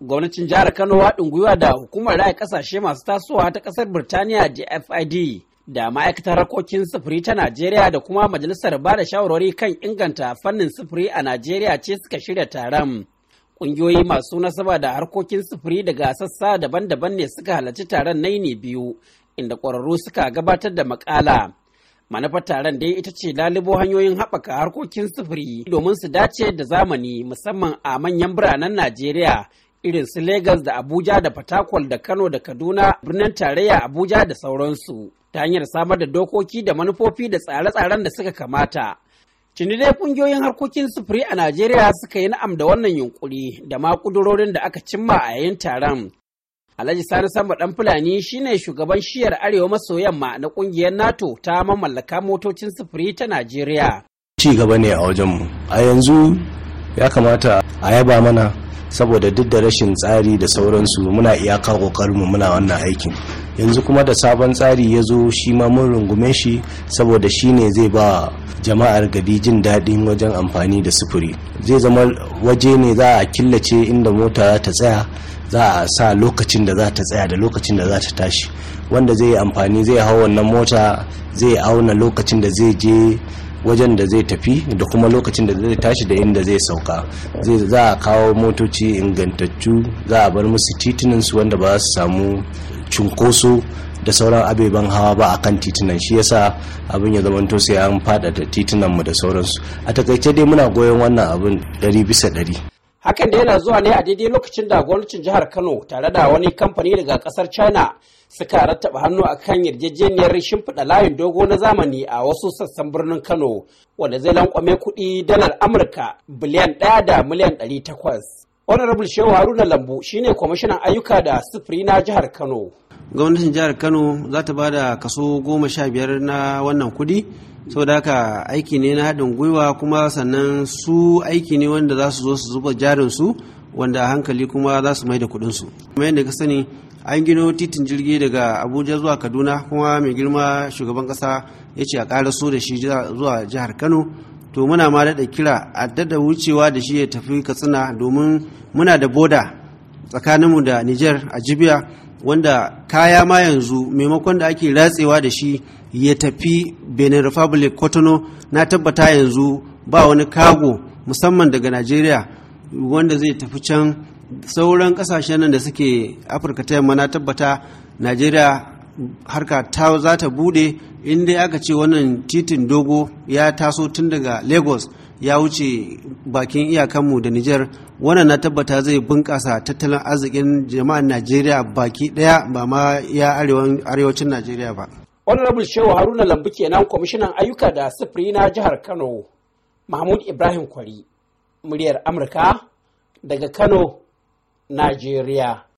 gwamnatin jihar kano haɗin gwiwa da hukumar raya ƙasashe masu tasowa ta ƙasar birtaniya dfid da ma'aikatar harkokin sufuri ta najeriya da kuma majalisar ba da shawarwari kan inganta fannin sufuri a najeriya ce suka shirya taron ƙungiyoyi masu nasaba da harkokin sufuri daga sassa daban-daban ne suka halarci taron naini biyu inda ƙwararru suka gabatar da maƙala. manufar taron dai ita ce lalubo hanyoyin haɓaka harkokin sufuri domin su dace da zamani musamman a manyan biranen najeriya irin su Legas da Abuja da Fatakwal da Kano da Kaduna birnin tarayya Abuja da sauransu ta hanyar samar da dokoki da manufofi da tsare-tsaren da suka kamata. Cini dai kungiyoyin harkokin sufuri a Najeriya suka yi na'am da wannan yunkuri da ma kudurorin da aka cimma a yayin taron. Alhaji Sani Samba Dan Fulani shine shugaban shiyar Arewa maso yamma na kungiyar NATO ta mamallaka motocin sufuri ta Najeriya. Ci gaba ne a wajenmu. A yanzu ya kamata a yaba mana saboda duk da rashin tsari da sauransu muna iyaka kokarinmu muna wannan aikin yanzu kuma da sabon tsari ya zo shi ma mun rungume shi saboda shi ne zai ba jama'ar gari jin daɗin wajen amfani da sufuri zai zama waje ne za a killace inda mota ta tsaya za a sa lokacin da za ta tsaya da lokacin da za ta tashi wanda zai amfani zai hau wannan mota zai auna lokacin da zai je wajen da zai tafi da kuma lokacin da zai tashi da inda zai sauka zai za a kawo motoci ingantattu za a bar musu titunan su wanda ba za su samu cunkoso da sauran abeban hawa ba akan kan titunan shi yasa abin ya zamanto sai an faɗaɗa titunanmu da sauransu a takaice dai muna goyon wannan abin ɗari bisa ɗari hakan da yana zuwa ne a daidai lokacin da gwamnatin jihar kano tare da wani kamfani daga kasar china suka rattaba hannu a kan yarjejeniyar shimfiɗa layin dogo na zamani a wasu sassan birnin kano wanda zai lankwame kuɗi dalar amurka biliyan ɗaya da miliyan ɗari takwas honorable shehu haruna lambu shine kwamishinan ayyuka da sufuri na jihar kano gwamnatin jihar kano za ta ba kaso goma sha biyar na wannan kuɗi saboda haka aiki ne na haɗin gwiwa kuma sannan su aiki ne wanda za su zo su zuba jarin su wanda hankali kuma za su mai da kuɗin su kuma yadda ka sani an gino titin jirgi daga abuja zuwa kaduna kuma mai girma shugaban ƙasa ya ce a ƙara so da shi zuwa jihar kano to muna ma daɗa kira a daɗa wucewa da shi ya tafi katsina domin muna da boda tsakaninmu da niger a jibiya wanda kaya ma yanzu maimakon da ake ratsewa da shi ya tafi benin republic kotono na tabbata yanzu ba wani kago musamman daga nigeria wanda zai tafi can sauran kasashen nan da suke afirka ta yamma na tabbata nigeria harka ta za ta bude inda aka ce wannan titin dogo ya taso tun daga lagos ya wuce bakin iyakanmu da Nijar wannan na tabbata zai bunƙasa tattalin arzikin jama'ar Najeriya baki ɗaya ba ma ya arewacin Najeriya ba. Honorable Shehu Haruna Lambu kenan kwamishinan ayyuka da sufuri na jihar Kano Mahmud Ibrahim Kwari muryar Amurka daga Kano, Najeriya.